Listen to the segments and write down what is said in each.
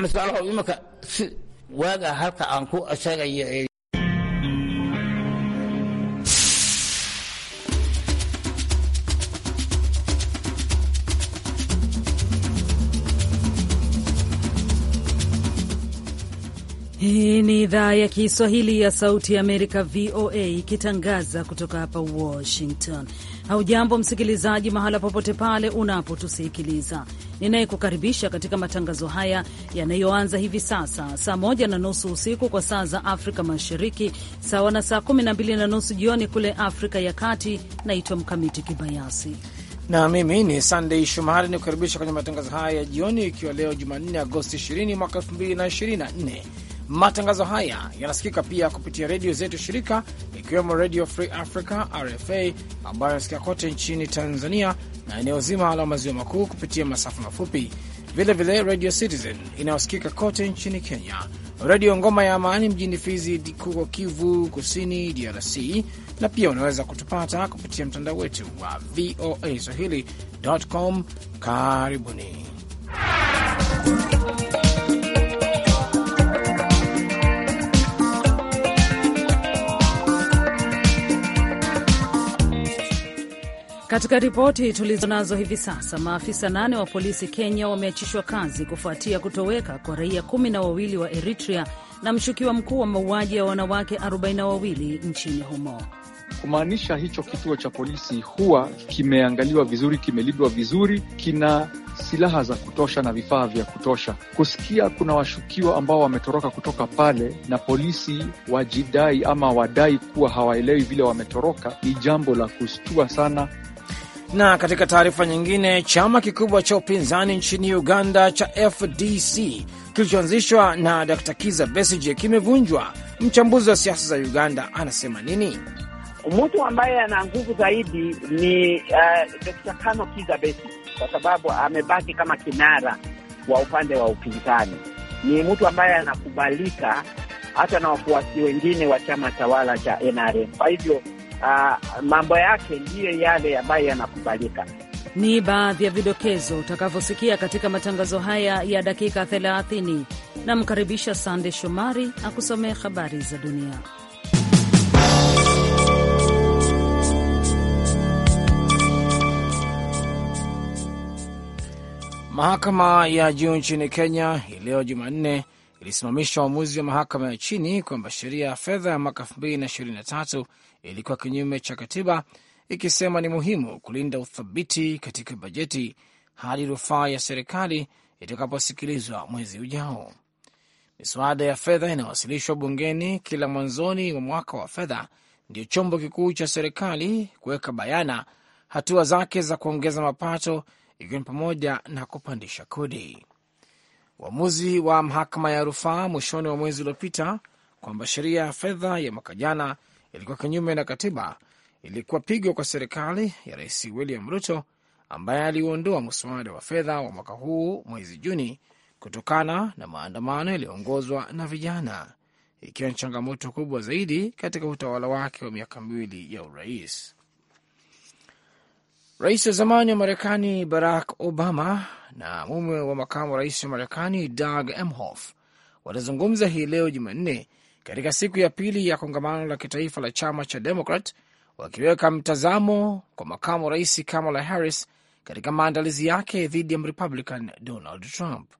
axmed subxaan waxau imika si waaga halka aan ku sheegayo Hii ni idhaa ya Kiswahili ya Sauti ya Amerika, VOA, ikitangaza kutoka hapa Washington. Haujambo msikilizaji, mahala popote pale unapotusikiliza. Ninayekukaribisha katika matangazo haya yanayoanza hivi sasa saa moja na nusu usiku kwa saa za Afrika Mashariki, sawa na saa kumi na mbili na nusu jioni kule Afrika ya Kati. Naitwa Mkamiti Kibayasi na mimi ni Sandey Shomari ni kukaribisha kwenye matangazo haya ya jioni, ikiwa leo Jumanne Agosti 20 mwaka 2024 Matangazo haya yanasikika pia kupitia redio zetu shirika, ikiwemo Redio Free Africa RFA ambayo yanasikika kote nchini Tanzania na eneo zima la maziwa makuu kupitia masafa mafupi, vilevile Redio Citizen inayosikika kote nchini Kenya, Redio Ngoma ya Amani mjini Fizi kuko Kivu Kusini, DRC, na pia unaweza kutupata kupitia mtandao wetu wa VOA Swahili.com. Karibuni. Katika ripoti tulizo nazo hivi sasa, maafisa nane wa polisi Kenya wameachishwa kazi kufuatia kutoweka kwa raia kumi na wawili wa Eritrea na mshukiwa mkuu wa mauaji ya wanawake 42 nchini humo. Kumaanisha hicho kituo cha polisi huwa kimeangaliwa vizuri, kimelindwa vizuri, kina silaha za kutosha na vifaa vya kutosha. Kusikia kuna washukiwa ambao wametoroka kutoka pale na polisi wajidai ama wadai kuwa hawaelewi vile wametoroka, ni jambo la kushtua sana. Na katika taarifa nyingine, chama kikubwa cha upinzani nchini Uganda cha FDC kilichoanzishwa na Dr. Kiza Besige kimevunjwa. Mchambuzi wa siasa za Uganda anasema nini? Mtu ambaye ana nguvu zaidi ni uh, eh, Dr. Kano Kiza Besige kwa sababu amebaki kama kinara wa upande wa upinzani. Ni mtu ambaye anakubalika hata na wafuasi wengine wa chama tawala cha NRM. Kwa hivyo uh, mambo yake ndiyo yale ambayo yanakubalika. Ni baadhi ya vidokezo utakavyosikia katika matangazo haya ya dakika 30. Namkaribisha Sande Shomari akusomea habari za dunia. Mahakama ya juu nchini Kenya hii leo Jumanne ilisimamisha uamuzi wa mahakama ya chini kwamba sheria ya fedha ya mwaka 2023 ilikuwa kinyume cha katiba, ikisema ni muhimu kulinda uthabiti katika bajeti hadi rufaa ya serikali itakaposikilizwa mwezi ujao. Miswada ya fedha inawasilishwa bungeni kila mwanzoni mwa mwaka wa fedha, ndiyo chombo kikuu cha serikali kuweka bayana hatua zake za kuongeza mapato, ikiwa ni pamoja na kupandisha kodi. Uamuzi wa mahakama ya rufaa mwishoni wa mwezi uliopita kwamba sheria ya fedha ya mwaka jana ilikuwa kinyume na katiba ilikuwa pigwa kwa serikali ya Rais William Ruto ambaye aliuondoa mswada wa fedha wa mwaka huu mwezi Juni kutokana na maandamano yaliyoongozwa na vijana, ikiwa ni changamoto kubwa zaidi katika utawala wake wa miaka miwili ya urais. Rais wa zamani wa Marekani Barack Obama na mume wa makamu wa rais wa Marekani Doug Emhoff watazungumza hii leo Jumanne katika siku ya pili ya kongamano la kitaifa la chama cha Demokrat, wakiweka mtazamo kwa makamu wa rais Kamala Harris katika maandalizi yake dhidi ya Mrepublican Donald Trump.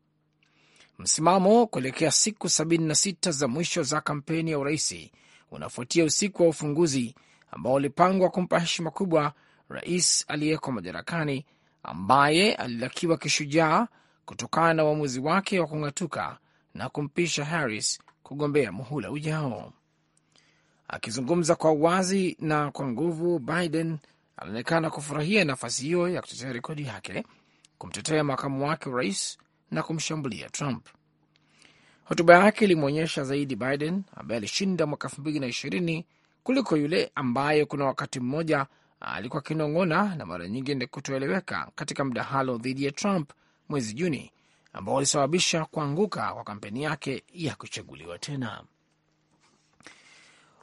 Msimamo kuelekea siku 76 za mwisho za kampeni ya uraisi unafuatia usiku wa ufunguzi ambao ulipangwa kumpa heshima kubwa rais aliyeko madarakani ambaye alilakiwa kishujaa kutokana na uamuzi wake wa kung'atuka na kumpisha Harris kugombea muhula ujao. Akizungumza kwa uwazi na kwa nguvu, Biden anaonekana kufurahia nafasi hiyo ya kutetea rekodi yake, kumtetea makamu wake wa rais na kumshambulia Trump. Hotuba yake ilimwonyesha zaidi Biden ambaye alishinda mwaka elfu mbili na ishirini kuliko yule ambaye kuna wakati mmoja Ah, alikuwa akinong'ona na mara nyingi ni kutoeleweka katika mdahalo dhidi ya Trump mwezi Juni ambao ulisababisha kuanguka kwa kampeni yake ya kuchaguliwa tena.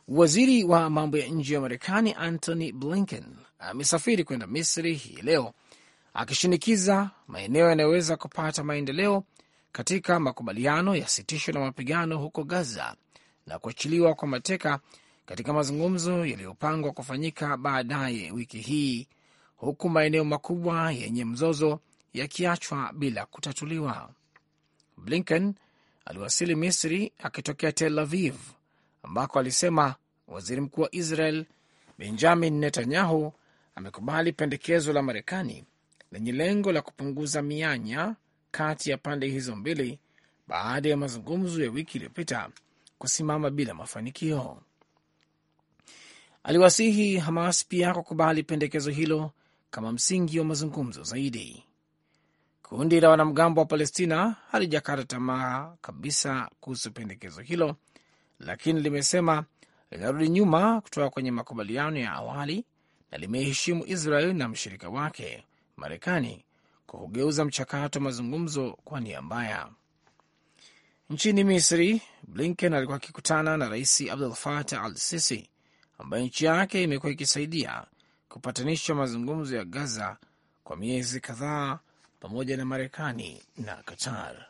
Waziri wa mambo ya nje wa Marekani Antony Blinken amesafiri kwenda Misri hii leo akishinikiza maeneo yanayoweza kupata maendeleo katika makubaliano ya sitisho la mapigano huko Gaza na kuachiliwa kwa mateka katika mazungumzo yaliyopangwa kufanyika baadaye wiki hii, huku maeneo makubwa yenye mzozo yakiachwa bila kutatuliwa. Blinken aliwasili Misri akitokea Tel Aviv ambako alisema waziri mkuu wa Israel Benjamin Netanyahu amekubali pendekezo la Marekani lenye lengo la kupunguza mianya kati ya pande hizo mbili baada ya mazungumzo ya wiki iliyopita kusimama bila mafanikio. Aliwasihi Hamas pia kukubali pendekezo hilo kama msingi wa mazungumzo zaidi. Kundi la wanamgambo wa Palestina halijakata tamaa kabisa kuhusu pendekezo hilo, lakini limesema linarudi nyuma kutoka kwenye makubaliano ya awali na limeheshimu Israel na mshirika wake Marekani kwa kugeuza mchakato wa mazungumzo kwa nia mbaya. Nchini Misri, Blinken alikuwa akikutana na Rais Abdul Fatah al Sisi ambayo nchi yake imekuwa ikisaidia kupatanisha mazungumzo ya Gaza kwa miezi kadhaa pamoja na Marekani na Qatar.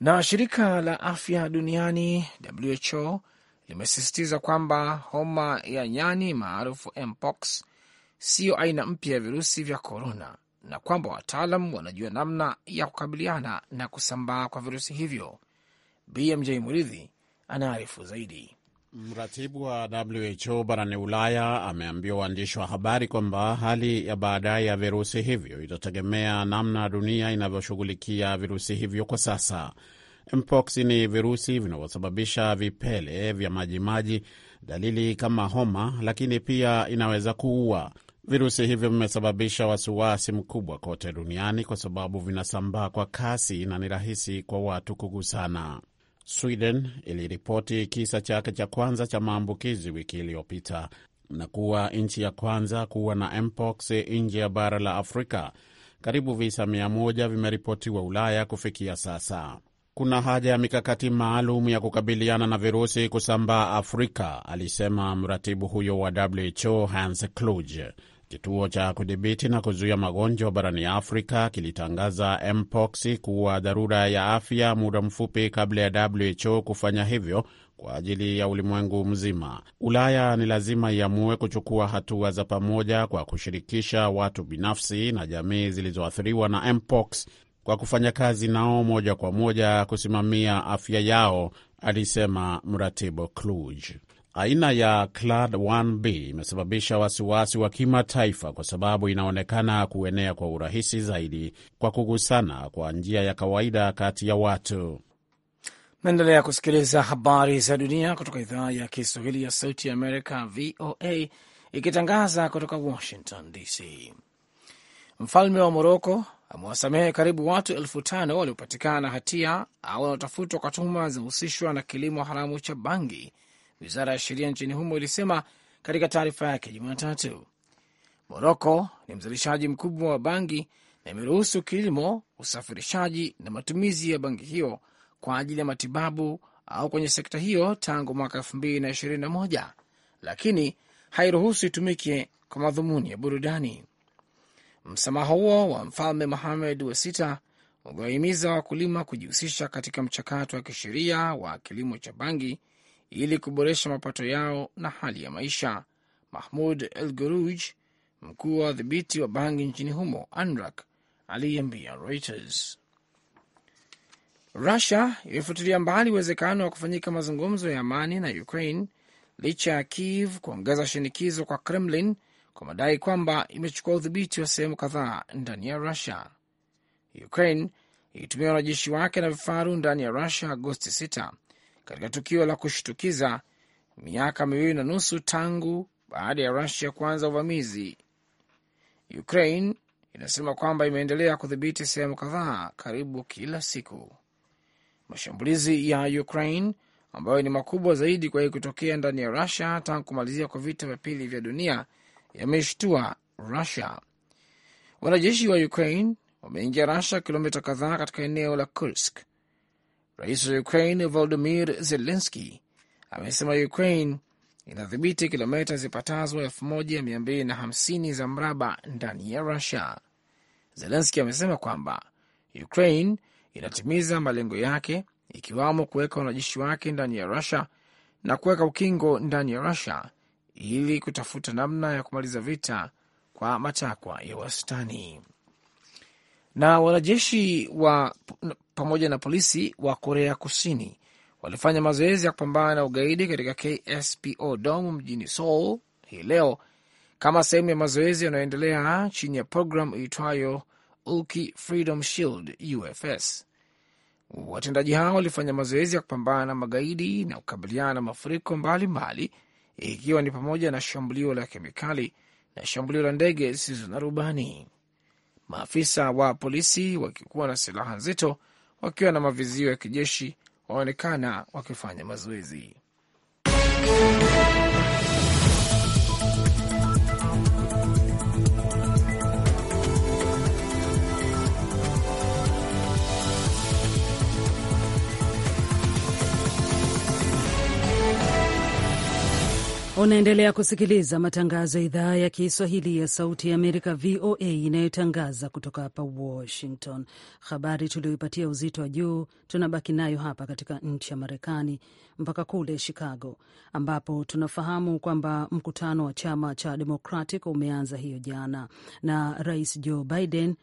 Na shirika la afya duniani WHO limesisitiza kwamba homa ya nyani maarufu mpox siyo aina mpya ya virusi vya korona, na kwamba wataalam wanajua namna ya kukabiliana na kusambaa kwa virusi hivyo. BMJ Muridhi anaarifu zaidi. Mratibu wa WHO barani Ulaya ameambia waandishi wa habari kwamba hali ya baadaye ya virusi hivyo itategemea namna dunia inavyoshughulikia virusi hivyo kwa sasa. Mpox ni virusi vinavyosababisha vipele vya majimaji, dalili kama homa, lakini pia inaweza kuua. Virusi hivyo vimesababisha wasiwasi mkubwa kote duniani kwa sababu vinasambaa kwa kasi na ni rahisi kwa watu kugusana. Sweden iliripoti kisa chake cha kwanza cha maambukizi wiki iliyopita na kuwa nchi ya kwanza kuwa na mpox nje ya bara la Afrika. Karibu visa 1 vimeripotiwa Ulaya kufikia sasa. Kuna haja ya mikakati maalum ya kukabiliana na virusi kusambaa Afrika, alisema mratibu huyo wa WHO Hans Kluge. Kituo cha kudhibiti na kuzuia magonjwa barani Afrika kilitangaza mpox kuwa dharura ya afya muda mfupi kabla ya WHO kufanya hivyo kwa ajili ya ulimwengu mzima. Ulaya ni lazima iamue kuchukua hatua za pamoja kwa kushirikisha watu binafsi na jamii zilizoathiriwa na mpox kwa kufanya kazi nao moja kwa moja kusimamia afya yao, alisema mratibu Kluge. Aina ya Clade 1B imesababisha wasiwasi wa kimataifa kwa sababu inaonekana kuenea kwa urahisi zaidi kwa kugusana kwa njia ya kawaida kati ya watu. Naendelea kusikiliza habari za dunia kutoka idhaa ya Kiswahili ya Sauti ya Amerika, VOA, ikitangaza kutoka Washington DC. Mfalme wa Moroko amewasamehe karibu watu elfu tano waliopatikana na hatia au wanaotafutwa kwa tuhuma zinahusishwa na kilimo haramu cha bangi wizara ya sheria nchini humo ilisema katika taarifa yake Jumatatu. Moroko ni mzalishaji mkubwa wa bangi na imeruhusu kilimo, usafirishaji na matumizi ya bangi hiyo kwa ajili ya matibabu au kwenye sekta hiyo tangu mwaka moja lakini hairuhusu itumike kwa madhumuni ya burudani. Msamaha huo wa mfalme Mohamed wa sita umewahimiza wakulima kujihusisha katika mchakato wa kisheria wa kilimo cha bangi ili kuboresha mapato yao na hali ya maisha. Mahmud El Guruj, mkuu wa udhibiti wa bangi nchini humo ANRAK, aliiambia Reuters. Rusia imefutilia mbali uwezekano wa kufanyika mazungumzo ya amani na Ukraine licha ya Kiev kuongeza shinikizo kwa Kremlin kwa madai kwamba imechukua udhibiti wa sehemu kadhaa ndani ya Rusia. Ukraine ilitumia wanajeshi wake na vifaru ndani ya Rusia Agosti 6 katika tukio la kushtukiza miaka miwili na nusu tangu baada ya Rusia kuanza uvamizi. Ukraine inasema kwamba imeendelea kudhibiti sehemu kadhaa karibu kila siku. Mashambulizi ya Ukraine ambayo ni makubwa zaidi kwa kutokea ndani ya Rusia tangu kumalizia kwa vita vya pili vya dunia yameshtua Rusia. Wanajeshi wa Ukraine wameingia Rusia kilomita kadhaa katika eneo la Kursk Rais wa Ukraine Volodimir Zelenski amesema Ukraine inadhibiti kilomita zipatazo 1250 za mraba ndani ya Rusia. Zelenski amesema kwamba Ukraine inatimiza malengo yake ikiwamo kuweka wanajeshi wake ndani ya Rusia na kuweka ukingo ndani ya Rusia ili kutafuta namna ya kumaliza vita kwa matakwa ya wastani. Na wanajeshi wa pamoja na polisi wa Korea Kusini walifanya mazoezi ya kupambana na ugaidi katika KSPO Dome mjini Seoul hii leo kama sehemu ya mazoezi yanayoendelea chini ya programu iitwayo uki Freedom Shield UFS. Watendaji hao walifanya mazoezi ya kupambana na magaidi na kukabiliana na mafuriko mbalimbali, ikiwa ni pamoja na shambulio la kemikali na shambulio la ndege zisizo na rubani. Maafisa wa polisi wakikuwa na silaha nzito wakiwa na mavizio ya kijeshi waonekana wakifanya mazoezi. Unaendelea kusikiliza matangazo ya idhaa ya Kiswahili ya Sauti ya Amerika, VOA, inayotangaza kutoka hapa Washington. Habari tuliyoipatia uzito wa juu tunabaki nayo hapa katika nchi ya Marekani, mpaka kule Chicago, ambapo tunafahamu kwamba mkutano wa chama cha Democratic umeanza hiyo jana, na Rais Joe Biden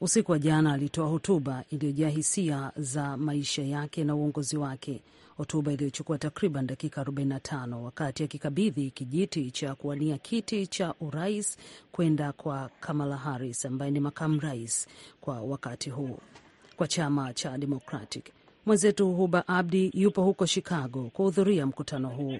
usiku wa jana alitoa hotuba iliyojaa hisia za maisha yake na uongozi wake hotuba iliyochukua takriban dakika 45 wakati akikabidhi kijiti cha kuwania kiti cha urais kwenda kwa Kamala Harris ambaye ni makamu rais kwa wakati huu kwa chama cha Democratic. Mwenzetu Huba Abdi yupo huko Chicago kuhudhuria mkutano huu.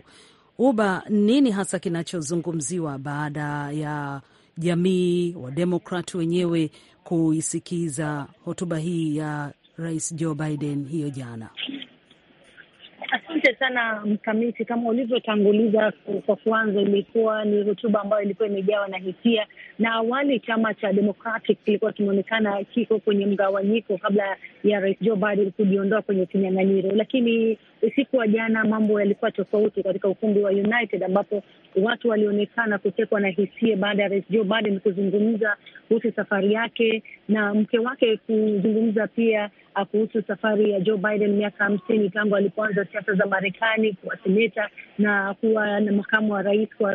Huba, nini hasa kinachozungumziwa baada ya jamii wa Demokrat wenyewe kuisikiza hotuba hii ya Rais Joe Biden hiyo jana? sana Mkamiti, kama ulivyotanguliza kwa kuanza, ilikuwa ni hotuba ambayo ilikuwa imejawa na hisia, na awali chama cha Democratic kilikuwa kimeonekana kiko kwenye mgawanyiko kabla ya rais Joe Biden kujiondoa kwenye kinyang'anyiro, lakini usiku wa jana mambo yalikuwa tofauti katika ukumbi wa United ambapo watu walionekana kutekwa na hisia baada ya rais Joe Biden kuzungumza kuhusu safari yake na mke wake kuzungumza pia ah, kuhusu safari ya Joe Biden miaka hamsini tangu alipoanza siasa za Marekani, kuwa seneta na kuwa na makamu wa rais wa,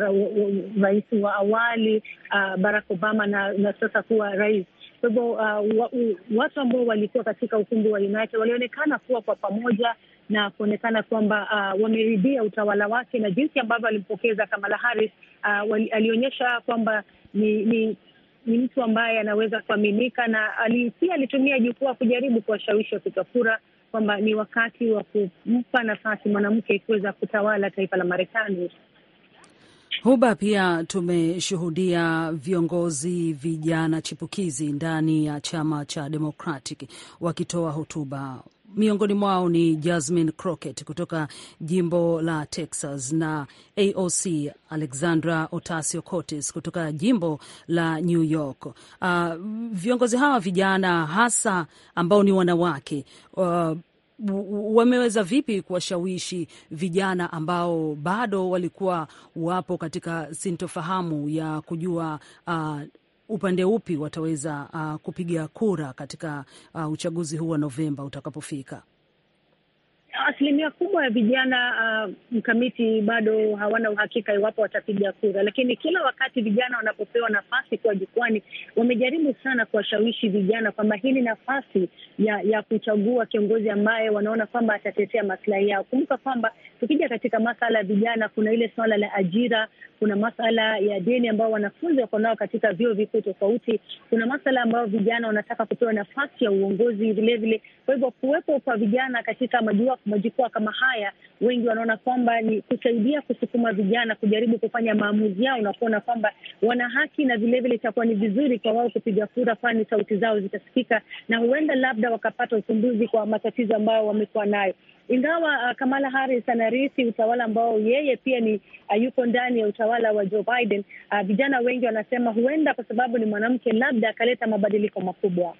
rais wa awali uh, Barack Obama na, na sasa kuwa rais kwa hivyo uh, watu ambao walikuwa katika ukumbi wa United walionekana kuwa kwa pamoja na kuonekana kwamba uh, wameridhia utawala wake na jinsi ambavyo alimpokeza Kamala Harris. Uh, alionyesha kwamba ni, ni, ni mtu ambaye anaweza kuaminika, na pia alitumia jukwaa kujaribu kuwashawishi wapiga kura kwamba ni wakati wa kumpa nafasi mwanamke kuweza kutawala taifa la Marekani. Huba, pia tumeshuhudia viongozi vijana chipukizi ndani ya chama cha Democratic wakitoa hotuba miongoni mwao ni Jasmine Crockett kutoka jimbo la Texas na AOC Alexandra otasio Cortis kutoka jimbo la New York. Uh, viongozi hawa vijana hasa ambao ni wanawake uh, wameweza vipi kuwashawishi vijana ambao bado walikuwa wapo katika sintofahamu ya kujua uh, upande upi wataweza uh, kupiga kura katika uh, uchaguzi huu wa Novemba utakapofika? asilimia kubwa ya vijana uh, mkamiti bado hawana uhakika iwapo watapiga kura, lakini kila wakati vijana wanapopewa nafasi kuwa jukwani, wamejaribu sana kuwashawishi vijana kwamba hii ni nafasi ya ya kuchagua kiongozi ambaye wanaona kwamba atatetea maslahi yao. Kumbuka kwamba tukija katika masala ya vijana, kuna ile suala la ajira, kuna masala ya deni ambao wanafunzi wako nao katika vyuo vikuu tofauti, kuna masala ambayo vijana wanataka kupewa nafasi ya uongozi vilevile. Kwa hivyo kuwepo kwa vijana katika majua majukwaa kama haya, wengi wanaona kwamba ni kusaidia kusukuma vijana kujaribu kufanya maamuzi yao na kuona kwamba wana haki, na vilevile itakuwa ni vizuri kwa wao kupiga kura, kwani sauti zao zitasikika na huenda labda wakapata ufumbuzi kwa matatizo ambayo wamekuwa nayo ingawa uh, Kamala Harris anarithi utawala ambao yeye pia ni uh, yuko ndani ya utawala wa Joe Biden. Uh, vijana wengi wanasema huenda kwa sababu ni mwanamke, labda akaleta mabadiliko makubwa.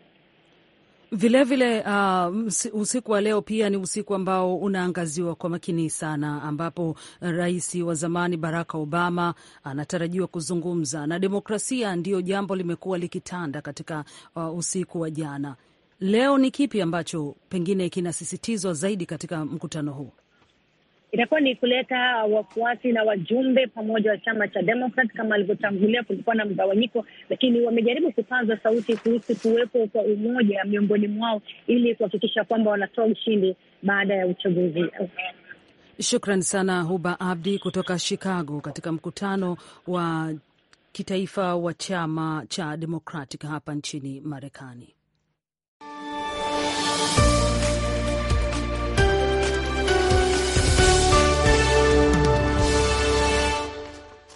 Vilevile uh, usiku wa leo pia ni usiku ambao unaangaziwa kwa makini sana, ambapo rais wa zamani Barack Obama anatarajiwa kuzungumza, na demokrasia ndiyo jambo limekuwa likitanda katika uh, usiku wa jana. Leo ni kipi ambacho pengine kinasisitizwa zaidi katika mkutano huu? itakuwa ni kuleta wafuasi na wajumbe pamoja wa chama cha demokrat Kama alivyotangulia, kulikuwa na mgawanyiko, lakini wamejaribu kupaza sauti kuhusu kuwepo kwa umoja miongoni mwao ili kuhakikisha kwamba wanatoa ushindi baada ya uchaguzi. Shukran sana Huba Abdi kutoka Chicago, katika mkutano wa kitaifa wa chama cha Democratic hapa nchini Marekani.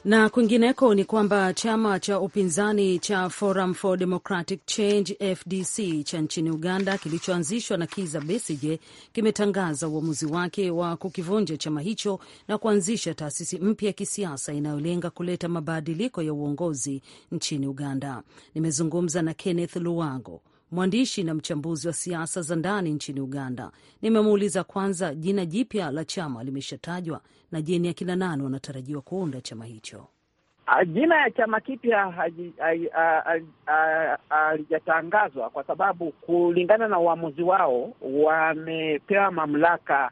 Na kwingineko ni kwamba chama cha upinzani cha Forum for Democratic Change FDC cha nchini Uganda kilichoanzishwa na Kiza Besige kimetangaza uamuzi wake wa kukivunja chama hicho na kuanzisha taasisi mpya ya kisiasa inayolenga kuleta mabadiliko ya uongozi nchini Uganda. Nimezungumza na Kenneth Luwango mwandishi na mchambuzi wa siasa za ndani nchini Uganda. Nimemuuliza kwanza, jina jipya la chama limeshatajwa, na je, ni akina nani wanatarajiwa kuunda chama hicho? Ah, jina ya chama kipya halijatangazwa kwa sababu kulingana na uamuzi wao wamepewa mamlaka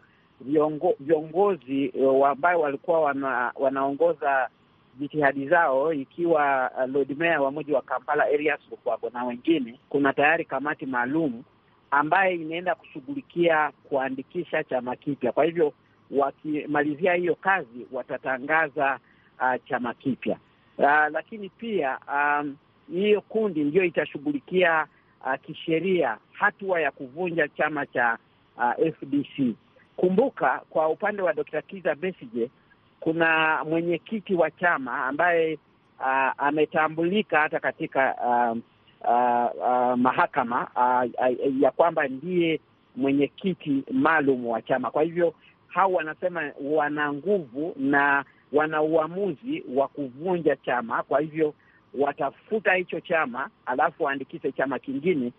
viongozi eh, ambayo walikuwa wana, wanaongoza jitihadi zao, ikiwa uh, Lord Mayor wa mji wa Kampala Erias Lukwago na wengine, kuna tayari kamati maalum ambaye inaenda kushughulikia kuandikisha chama kipya. Kwa hivyo wakimalizia hiyo kazi watatangaza uh, chama kipya uh, lakini pia um, hiyo kundi ndiyo itashughulikia uh, kisheria hatua ya kuvunja chama cha uh, FDC. Kumbuka, kwa upande wa Dr. Kiza Besige kuna mwenyekiti wa chama ambaye uh, ametambulika hata katika uh, uh, uh, mahakama uh, uh, ya kwamba ndiye mwenyekiti maalum wa chama. Kwa hivyo hao wanasema wana nguvu na wana uamuzi wa kuvunja chama, kwa hivyo watafuta hicho chama alafu waandikishe chama kingine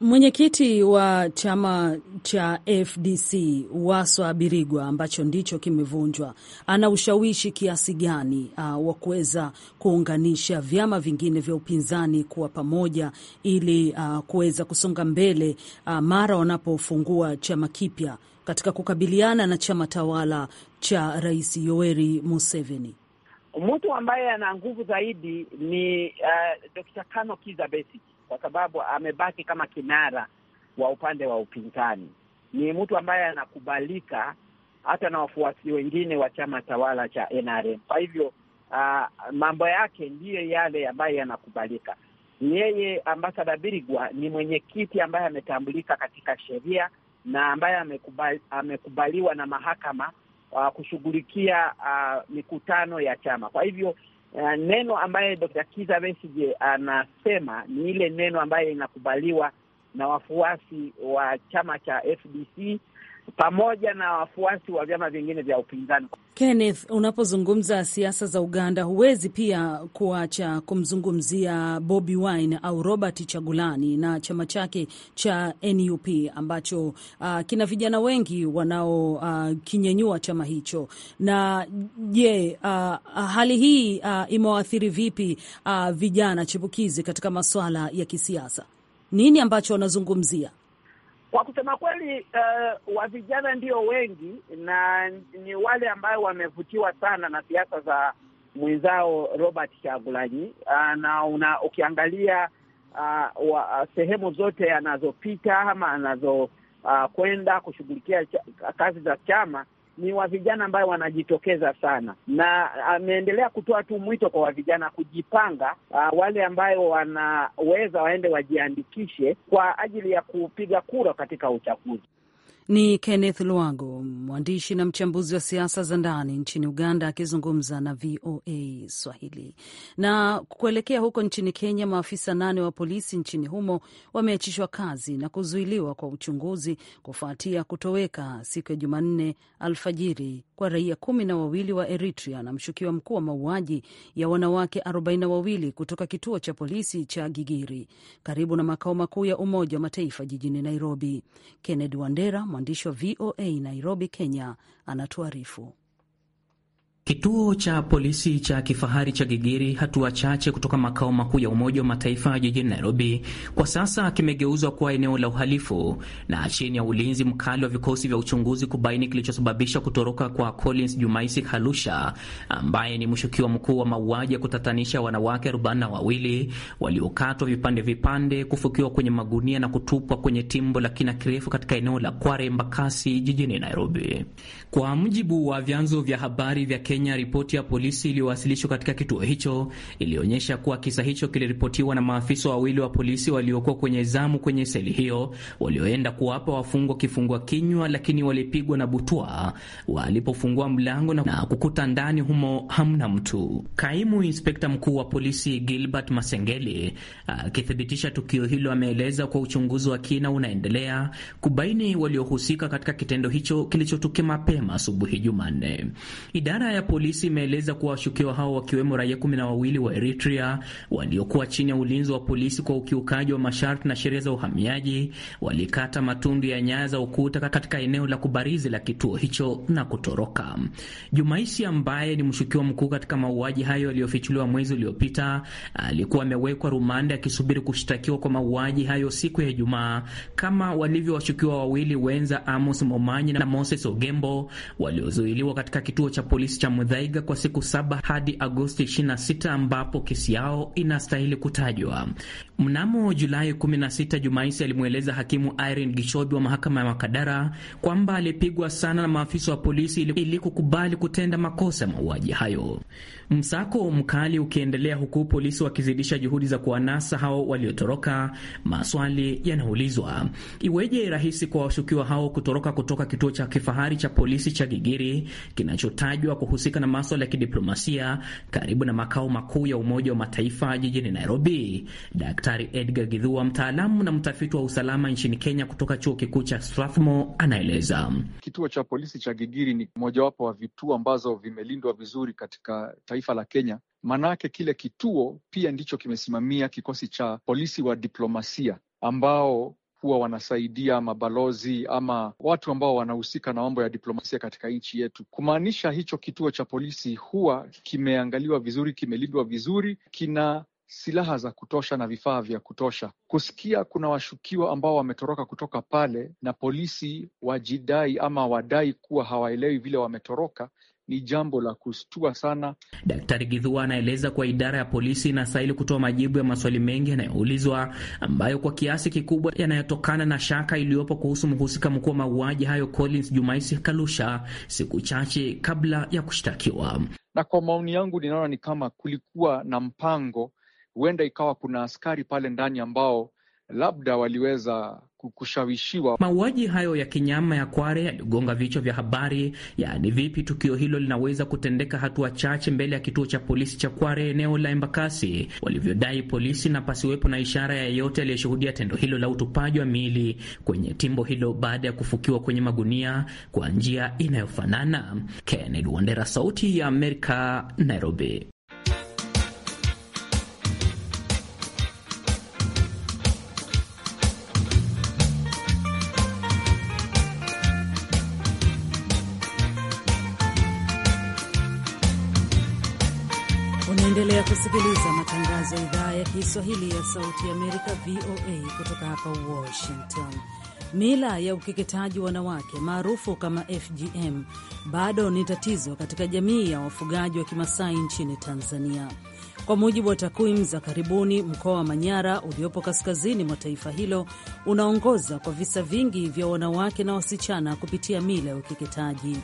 Mwenyekiti wa chama cha FDC Waswa Birigwa, ambacho ndicho kimevunjwa, ana ushawishi kiasi gani uh, wa kuweza kuunganisha vyama vingine vya upinzani kuwa pamoja ili uh, kuweza kusonga mbele uh, mara wanapofungua chama kipya katika kukabiliana na chama tawala cha Rais Yoweri Museveni? Mtu ambaye ana nguvu zaidi ni uh, Dr. Kano Kiza kwa sababu amebaki kama kinara wa upande wa upinzani. Ni mtu ambaye anakubalika hata na wafuasi wengine wa chama tawala cha NRM. Kwa hivyo uh, mambo yake ndiyo yale ambayo yanakubalika. Yeye ambasada Birigwa ni mwenyekiti ambaye ametambulika katika sheria na ambaye amekubali, amekubaliwa na mahakama uh, kushughulikia uh, mikutano ya chama. Kwa hivyo uh, neno ambaye Dr. Kiza Besigye anasema ni ile neno ambaye inakubaliwa na wafuasi wa chama cha FDC pamoja na wafuasi wa vyama vingine vya upinzani. Kenneth, unapozungumza siasa za Uganda huwezi pia kuacha kumzungumzia Bobi Wine au Robert Chagulani na chama chake cha NUP ambacho uh, kina vijana wengi wanaokinyenyua uh, chama hicho. Na je, yeah, uh, uh, hali hii uh, imewaathiri vipi uh, vijana chipukizi katika masuala ya kisiasa? Nini ambacho wanazungumzia? Kwa kusema kweli, uh, wa vijana ndio wengi na ni wale ambayo wamevutiwa sana na siasa za mwenzao Robert Chagulanyi uh, ah, na una, ukiangalia uh, wa, sehemu zote anazopita ama anazokwenda ah, uh, kushughulikia kazi za chama ni wa vijana ambayo wanajitokeza sana, na ameendelea kutoa tu mwito kwa wavijana kujipanga. Uh, wale ambayo wanaweza waende wajiandikishe kwa ajili ya kupiga kura katika uchaguzi. Ni Kenneth Lwago, mwandishi na mchambuzi wa siasa za ndani nchini Uganda, akizungumza na VOA Swahili. Na kuelekea huko nchini Kenya, maafisa nane wa polisi nchini humo wameachishwa kazi na kuzuiliwa kwa uchunguzi kufuatia kutoweka siku ya Jumanne alfajiri kwa raia kumi na wawili wa Eritrea na mshukiwa mkuu wa mauaji ya wanawake arobaini na wawili kutoka kituo cha polisi cha Gigiri karibu na makao makuu ya Umoja wa Mataifa jijini Nairobi. Kennedy Wandera mwandishi wa VOA Nairobi, Kenya, anatuarifu. Kituo cha polisi cha kifahari cha Gigiri, hatua chache kutoka makao makuu ya Umoja wa Mataifa jijini Nairobi, kwa sasa kimegeuzwa kuwa eneo la uhalifu na chini ya ulinzi mkali wa vikosi vya uchunguzi kubaini kilichosababisha kutoroka kwa Collins Jumaisi Halusha, ambaye ni mshukiwa mkuu wa mauaji ya kutatanisha wanawake arobaini na wawili waliokatwa vipande vipande, kufukiwa kwenye magunia na kutupwa kwenye timbo la kina kirefu katika eneo la Kware Mbakasi jijini Nairobi, kwa mujibu wa vyanzo vya habari vya Kenya, ripoti ya polisi iliyowasilishwa katika kituo hicho ilionyesha kuwa kisa hicho kiliripotiwa na maafisa wawili wa polisi waliokuwa kwenye zamu kwenye seli hiyo, walioenda kuwapa wafungwa kifungua kinywa, lakini walipigwa na butwa walipofungua mlango na kukuta ndani humo hamna mtu. Kaimu inspekta mkuu wa polisi Gilbert Masengeli akithibitisha tukio hilo ameeleza kuwa uchunguzi wa kina unaendelea kubaini waliohusika katika kitendo hicho kilichotukia mapema asubuhi Jumanne. Idara ya polisi imeeleza kuwa washukiwa hao wakiwemo raia kumi na wawili wa Eritrea waliokuwa chini ya ulinzi wa polisi kwa ukiukaji wa masharti na sheria za uhamiaji walikata matundu ya nyaya za ukuta katika eneo la kubarizi la kituo hicho na kutoroka. Jumaisi ambaye ni mshukiwa mkuu katika mauaji hayo yaliyofichuliwa mwezi uliopita alikuwa amewekwa rumande akisubiri kushtakiwa kwa mauaji hayo siku ya Ijumaa kama walivyo washukiwa wawili wenza Amos Momanyi na Moses Ogembo waliozuiliwa katika kituo cha polisi cha Muthaiga kwa siku saba hadi Agosti 26 ambapo kesi yao inastahili kutajwa. Mnamo Julai 16, Jumaisi alimweleza hakimu Irene Gishobi wa mahakama ya Makadara kwamba alipigwa sana na maafisa wa polisi ili kukubali kutenda makosa ya mauaji hayo. Msako mkali ukiendelea huku polisi wakizidisha juhudi za kuwanasa hao waliotoroka. Maswali yanaulizwa, iweje rahisi kwa washukiwa hao kutoroka kutoka kituo cha kifahari cha polisi cha Gigiri kinachotajwa kuhusu kuhusika na maswala ya kidiplomasia karibu na makao makuu ya Umoja wa Mataifa jijini Nairobi. Daktari Edgar Githua, mtaalamu na mtafiti wa usalama nchini Kenya kutoka chuo kikuu cha Strathmore, anaeleza. Kituo cha polisi cha Gigiri ni mojawapo wa vituo ambazo vimelindwa vizuri katika taifa la Kenya. Maanake kile kituo pia ndicho kimesimamia kikosi cha polisi wa diplomasia ambao kuwa wanasaidia mabalozi ama watu ambao wanahusika na mambo ya diplomasia katika nchi yetu, kumaanisha hicho kituo cha polisi huwa kimeangaliwa vizuri, kimelindwa vizuri, kina silaha za kutosha na vifaa vya kutosha. Kusikia kuna washukiwa ambao wametoroka kutoka pale na polisi wajidai ama wadai kuwa hawaelewi vile wametoroka, ni jambo la kustua sana. Daktari Githua anaeleza kuwa idara ya polisi inastahili kutoa majibu ya maswali mengi yanayoulizwa ambayo kwa kiasi kikubwa yanayotokana na shaka iliyopo kuhusu mhusika mkuu wa mauaji hayo Collins Jumaisi Kalusha siku chache kabla ya kushtakiwa. Na kwa maoni yangu, ninaona ni kama kulikuwa na mpango, huenda ikawa kuna askari pale ndani ambao labda waliweza kushawishiwa. Mauaji hayo ya kinyama ya Kware yaligonga vichwa vya habari, yaani vipi tukio hilo linaweza kutendeka hatua chache mbele ya kituo cha polisi cha Kware eneo la Embakasi, walivyodai polisi, na pasiwepo na ishara yeyote aliyeshuhudia tendo hilo la utupaji wa miili kwenye timbo hilo baada ya kufukiwa kwenye magunia kwa njia inayofanana. Kennedy Wandera, Sauti ya Amerika, Nairobi. Unaendelea kusikiliza matangazo ya idhaa ya Kiswahili ya Sauti ya Amerika, VOA, kutoka hapa Washington. Mila ya ukeketaji wanawake maarufu kama FGM bado ni tatizo katika jamii ya wafugaji wa Kimasai nchini Tanzania. Kwa mujibu wa takwimu za karibuni, mkoa wa Manyara uliopo kaskazini mwa taifa hilo unaongoza kwa visa vingi vya wanawake na wasichana kupitia mila ya ukeketaji.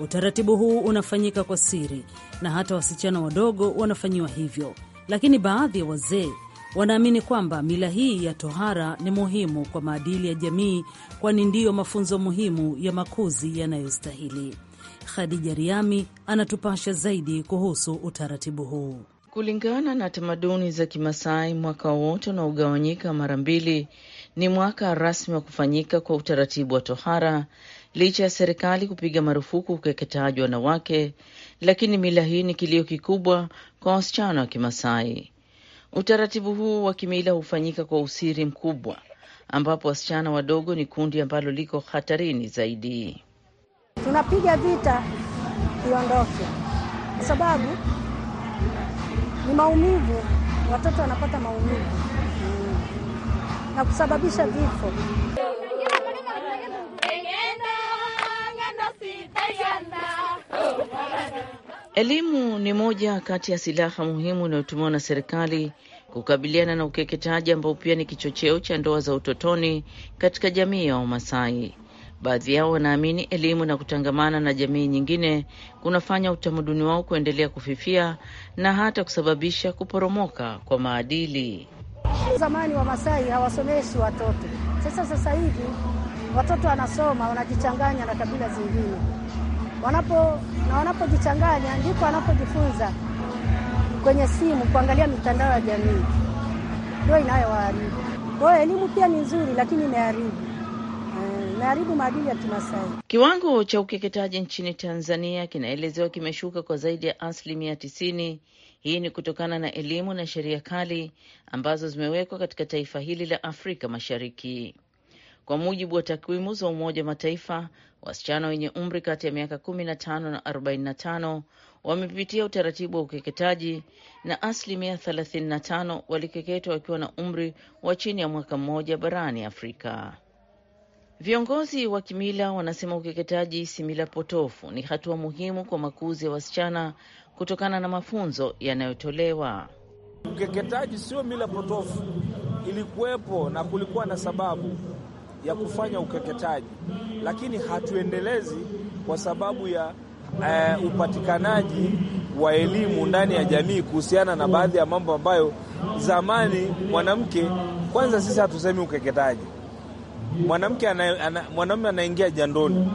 Utaratibu huu unafanyika kwa siri na hata wasichana wadogo wanafanyiwa hivyo, lakini baadhi ya wazee wanaamini kwamba mila hii ya tohara ni muhimu kwa maadili ya jamii, kwani ndiyo mafunzo muhimu ya makuzi yanayostahili. Khadija Riami anatupasha zaidi kuhusu utaratibu huu. Kulingana na tamaduni za Kimasai, mwaka wote unaogawanyika mara mbili ni mwaka rasmi wa kufanyika kwa utaratibu wa tohara licha ya serikali kupiga marufuku ukeketaji wa wanawake, lakini mila hii ni kilio kikubwa kwa wasichana wa Kimasai. Utaratibu huu wa kimila hufanyika kwa usiri mkubwa, ambapo wasichana wadogo ni kundi ambalo liko hatarini zaidi. Tunapiga vita iondoke, kwa sababu ni maumivu, watoto wanapata maumivu na kusababisha vifo. Elimu ni moja kati ya silaha muhimu inayotumiwa na serikali kukabiliana na ukeketaji ambao pia ni kichocheo cha ndoa za utotoni katika jamii ya Wamasai. Baadhi yao wanaamini elimu na kutangamana na jamii nyingine kunafanya utamaduni wao kuendelea kufifia na hata kusababisha kuporomoka kwa maadili. Zamani Wamasai hawasomeshi watoto. Sasa sasa hivi watoto wanasoma, wanajichanganya na kabila zingine wanapo na wanapojichanganya ndipo wanapojifunza kwenye simu kuangalia mitandao ya jamii, ndio inayowaharibu. Kwa hiyo elimu pia ni nzuri, lakini imeharibu eh, imeharibu maadili ya Kimasai. Kiwango cha ukeketaji nchini Tanzania kinaelezewa kimeshuka kwa zaidi ya asilimia tisini. Hii ni kutokana na elimu na sheria kali ambazo zimewekwa katika taifa hili la Afrika Mashariki. Kwa mujibu wa takwimu za Umoja wa Mataifa, Wasichana wenye umri kati ya miaka 15 na 45 wamepitia utaratibu wa ukeketaji na asilimia 35 walikeketwa wakiwa na umri wa chini ya mwaka mmoja barani Afrika. Viongozi wa kimila wanasema ukeketaji si mila potofu, ni hatua muhimu kwa makuzi ya wasichana kutokana na mafunzo yanayotolewa. Ukeketaji sio mila potofu, ilikuwepo na kulikuwa na sababu ya kufanya ukeketaji lakini hatuendelezi kwa sababu ya uh, upatikanaji wa elimu ndani ya jamii kuhusiana na baadhi ya mambo ambayo zamani mwanamke, kwanza sisi hatusemi ukeketaji, mwanamke mwanaume anaingia jandoni,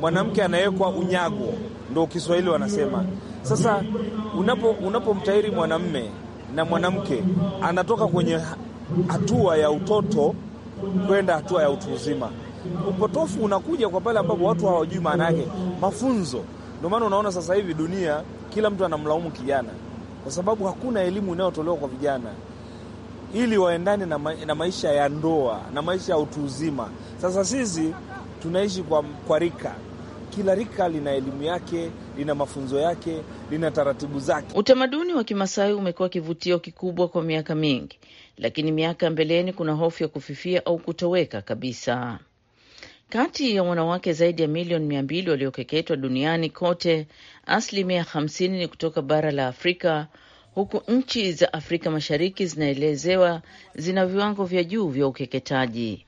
mwanamke anawekwa unyago, ndo Kiswahili wanasema. Sasa unapomtahiri unapo na mwanamke anatoka kwenye hatua ya utoto kwenda hatua ya utu uzima, upotofu unakuja kwa pale ambapo watu hawajui maana yake, mafunzo. Ndio maana unaona sasa hivi dunia kila mtu anamlaumu kijana, kwa sababu hakuna elimu inayotolewa kwa vijana ili waendane na, ma na maisha ya ndoa na maisha ya utu uzima. Sasa sisi tunaishi kwa, kwa rika kila rika lina elimu yake, lina mafunzo yake, lina taratibu zake. Utamaduni wa Kimasai umekuwa kivutio kikubwa kwa miaka mingi, lakini miaka mbeleni kuna hofu ya kufifia au kutoweka kabisa. Kati ya wanawake zaidi ya milioni mia mbili waliokeketwa duniani kote, asilimia hamsini ni kutoka bara la Afrika, huku nchi za Afrika Mashariki zinaelezewa zina viwango vya juu vya ukeketaji.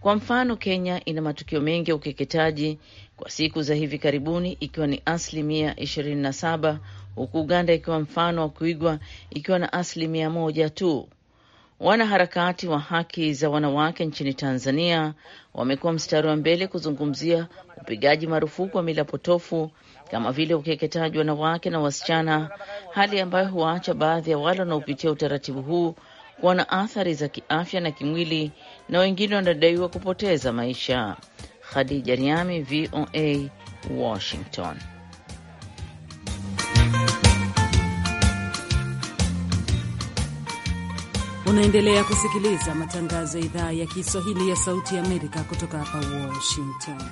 Kwa mfano, Kenya ina matukio mengi ya ukeketaji kwa siku za hivi karibuni, ikiwa ni asilimia 27, huku Uganda ikiwa mfano wa kuigwa ikiwa na asilimia moja tu. Wanaharakati wa haki za wanawake nchini Tanzania wamekuwa mstari wa mbele kuzungumzia upigaji marufuku wa mila potofu kama vile ukeketaji wanawake na wasichana, hali ambayo huwaacha baadhi ya wale wanaopitia utaratibu huu kuwa na athari za kiafya na kimwili, na wengine wanadaiwa kupoteza maisha. Khadija Riami, VOA, Washington. Unaendelea kusikiliza matangazo ya idhaa ya Kiswahili ya Sauti ya Amerika kutoka hapa Washington.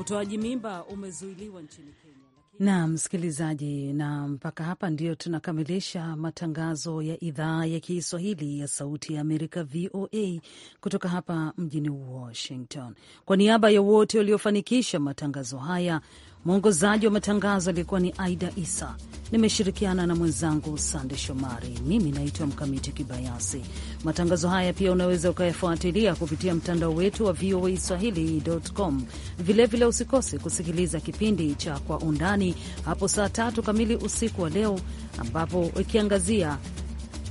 Utoaji mimba umezuiliwa nchini Kenya na msikilizaji, na mpaka hapa ndio tunakamilisha matangazo ya idhaa ya Kiswahili ya Sauti ya Amerika, VOA, kutoka hapa mjini Washington. Kwa niaba ya wote waliofanikisha matangazo haya, Mwongozaji wa matangazo alikuwa ni Aida Isa. Nimeshirikiana na mwenzangu Sande Shomari. Mimi naitwa Mkamiti Kibayasi. Matangazo haya pia unaweza ukayafuatilia kupitia mtandao wetu wa VOA Swahili.com. Vilevile usikose kusikiliza kipindi cha Kwa Undani hapo saa tatu kamili usiku wa leo, ambapo ikiangazia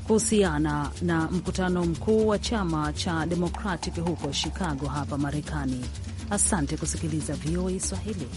kuhusiana na mkutano mkuu wa chama cha Democratic huko Chicago hapa Marekani. Asante kusikiliza VOA Swahili.